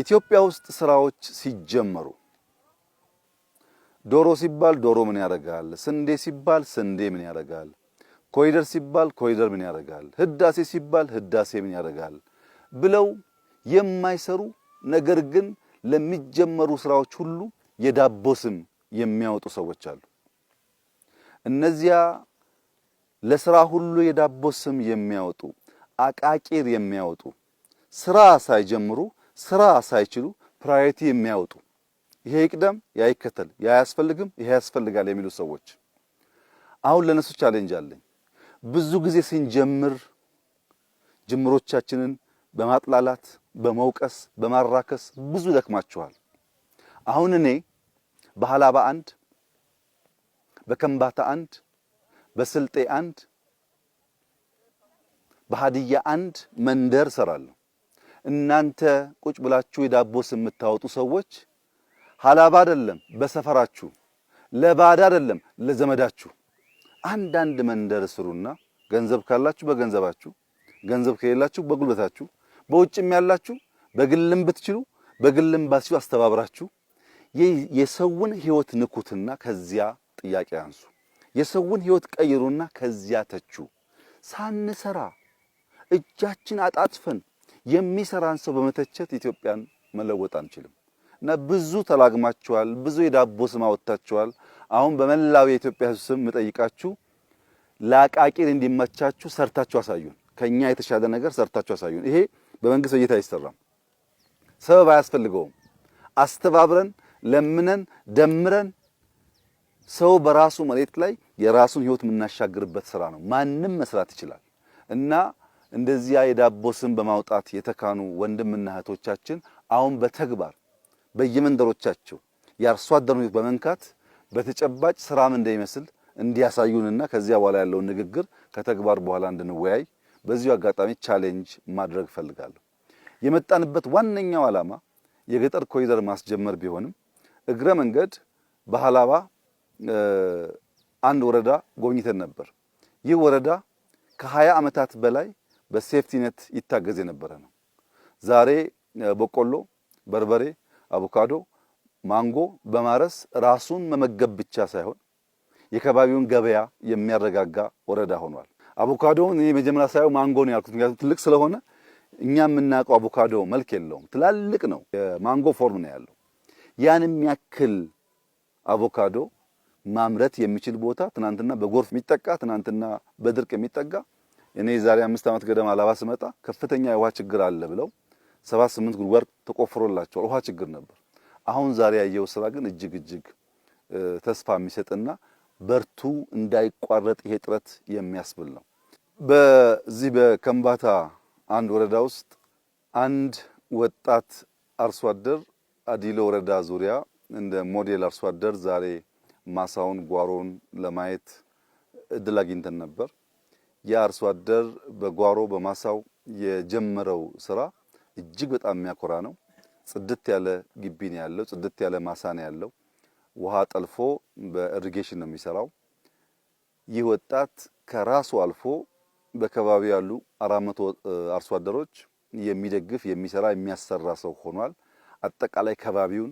ኢትዮጵያ ውስጥ ስራዎች ሲጀመሩ ዶሮ ሲባል ዶሮ ምን ያደርጋል? ስንዴ ሲባል ስንዴ ምን ያደርጋል? ኮሪደር ሲባል ኮሪደር ምን ያደርጋል? ህዳሴ ሲባል ህዳሴ ምን ያደርጋል? ብለው የማይሰሩ ነገር ግን ለሚጀመሩ ስራዎች ሁሉ የዳቦ ስም የሚያወጡ ሰዎች አሉ። እነዚያ ለስራ ሁሉ የዳቦ ስም የሚያወጡ አቃቂር የሚያወጡ ስራ ሳይጀምሩ ስራ ሳይችሉ ፕራዮሪቲ የሚያወጡ ይሄ ይቅደም፣ ያ ይከተል፣ ያ አያስፈልግም፣ ይሄ ያስፈልጋል የሚሉ ሰዎች አሁን ለነሱ ቻሌንጅ አለኝ። ብዙ ጊዜ ስንጀምር ጅምሮቻችንን በማጥላላት በመውቀስ በማራከስ ብዙ ደክማችኋል። አሁን እኔ በሀላባ አንድ፣ በከምባታ አንድ፣ በስልጤ አንድ፣ በሀዲያ አንድ መንደር እሰራለሁ። እናንተ ቁጭ ብላችሁ የዳቦ የምታወጡ ሰዎች ሀላባ አይደለም በሰፈራችሁ፣ ለባዳ አይደለም ለዘመዳችሁ፣ አንዳንድ መንደር ስሩና ገንዘብ ካላችሁ በገንዘባችሁ፣ ገንዘብ ከሌላችሁ በጉልበታችሁ፣ በውጭም ያላችሁ በግልም ብትችሉ በግልም ባትችሉ አስተባብራችሁ የሰውን ህይወት ንኩትና ከዚያ ጥያቄ አንሱ። የሰውን ህይወት ቀይሩና ከዚያ ተቹ። ሳንሰራ እጃችን አጣጥፈን የሚሰራን ሰው በመተቸት ኢትዮጵያን መለወጥ አንችልም እና ብዙ ተላግማችኋል፣ ብዙ የዳቦ ስም አወጥታችኋል። አሁን በመላው የኢትዮጵያ ሕዝብ ስም የምጠይቃችሁ ለአቃቂር እንዲመቻችሁ ሰርታችሁ አሳዩን። ከኛ የተሻለ ነገር ሰርታችሁ አሳዩን። ይሄ በመንግስት እይታ አይሰራም፣ ሰበብ አያስፈልገውም። አስተባብረን ለምነን ደምረን ሰው በራሱ መሬት ላይ የራሱን ህይወት የምናሻግርበት ስራ ነው። ማንም መስራት ይችላል እና እንደዚያ የዳቦ ስም በማውጣት የተካኑ ወንድምና እህቶቻችን አሁን በተግባር በየመንደሮቻቸው የአርሶ አደሩን በመንካት በተጨባጭ ስራም እንደሚመስል እንዲያሳዩንና ከዚያ በኋላ ያለውን ንግግር ከተግባር በኋላ እንድንወያይ በዚሁ አጋጣሚ ቻሌንጅ ማድረግ እፈልጋለሁ። የመጣንበት ዋነኛው ዓላማ የገጠር ኮሪደር ማስጀመር ቢሆንም እግረ መንገድ በሀላባ አንድ ወረዳ ጎብኝተን ነበር። ይህ ወረዳ ከሀያ ዓመታት በላይ በሴፍቲነት ይታገዝ የነበረ ነው። ዛሬ በቆሎ፣ በርበሬ፣ አቮካዶ፣ ማንጎ በማረስ ራሱን መመገብ ብቻ ሳይሆን የከባቢውን ገበያ የሚያረጋጋ ወረዳ ሆኗል። አቮካዶውን እኔ መጀመሪያ ሳየው ማንጎ ነው ያልኩት፣ ምክንያቱም ትልቅ ስለሆነ እኛ የምናውቀው አቮካዶ መልክ የለውም፣ ትላልቅ ነው። የማንጎ ፎርም ነው ያለው። ያን የሚያክል አቮካዶ ማምረት የሚችል ቦታ ትናንትና በጎርፍ የሚጠቃ ትናንትና በድርቅ የሚጠጋ እኔ ዛሬ አምስት ዓመት ገደማ አላባ ስመጣ ከፍተኛ የውሃ ችግር አለ ብለው ሰባት ስምንት ጉድጓድ ተቆፍሮላቸዋል። ውሃ ችግር ነበር። አሁን ዛሬ ያየው ስራ ግን እጅግ እጅግ ተስፋ የሚሰጥና በርቱ እንዳይቋረጥ ይሄ ጥረት የሚያስብል ነው። በዚህ በከምባታ አንድ ወረዳ ውስጥ አንድ ወጣት አርሶ አደር አዲሎ ወረዳ ዙሪያ እንደ ሞዴል አርሶ አደር ዛሬ ማሳውን ጓሮውን ለማየት እድል አግኝተን ነበር። የአርሶ አደር በጓሮ በማሳው የጀመረው ስራ እጅግ በጣም የሚያኮራ ነው። ጽድት ያለ ግቢ ነው ያለው፣ ጽድት ያለ ማሳ ነው ያለው። ውሃ ጠልፎ በኢሪጌሽን ነው የሚሰራው። ይህ ወጣት ከራሱ አልፎ በከባቢ ያሉ አራት መቶ አርሶ አደሮች የሚደግፍ የሚሰራ የሚያሰራ ሰው ሆኗል። አጠቃላይ ከባቢውን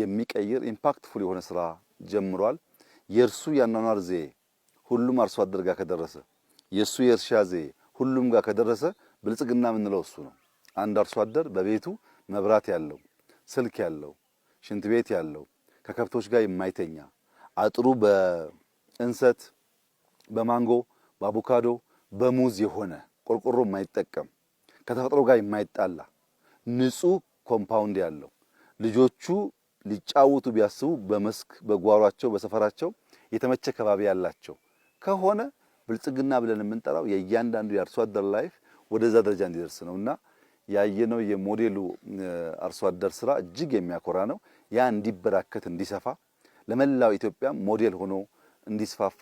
የሚቀይር ኢምፓክትፉል የሆነ ስራ ጀምሯል። የእርሱ ያኗኗር ሁሉም አርሶ አደር ጋር ከደረሰ የእሱ የእርሻ ዘዬ ሁሉም ጋር ከደረሰ ብልጽግና የምንለው እሱ ነው። አንድ አርሶ አደር በቤቱ መብራት ያለው፣ ስልክ ያለው፣ ሽንት ቤት ያለው፣ ከከብቶች ጋር የማይተኛ አጥሩ በእንሰት በማንጎ በአቮካዶ በሙዝ የሆነ ቆርቆሮ የማይጠቀም ከተፈጥሮ ጋር የማይጣላ ንጹህ ኮምፓውንድ ያለው ልጆቹ ሊጫወቱ ቢያስቡ በመስክ በጓሯቸው በሰፈራቸው የተመቸ ከባቢ ያላቸው ከሆነ ብልጽግና ብለን የምንጠራው የእያንዳንዱ የአርሶ አደር ላይፍ ወደዛ ደረጃ እንዲደርስ ነው እና ያየነው የሞዴሉ አርሶ አደር ስራ እጅግ የሚያኮራ ነው። ያ እንዲበራከት እንዲሰፋ፣ ለመላው ኢትዮጵያ ሞዴል ሆኖ እንዲስፋፋ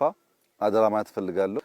አደራ ማለት እፈልጋለሁ።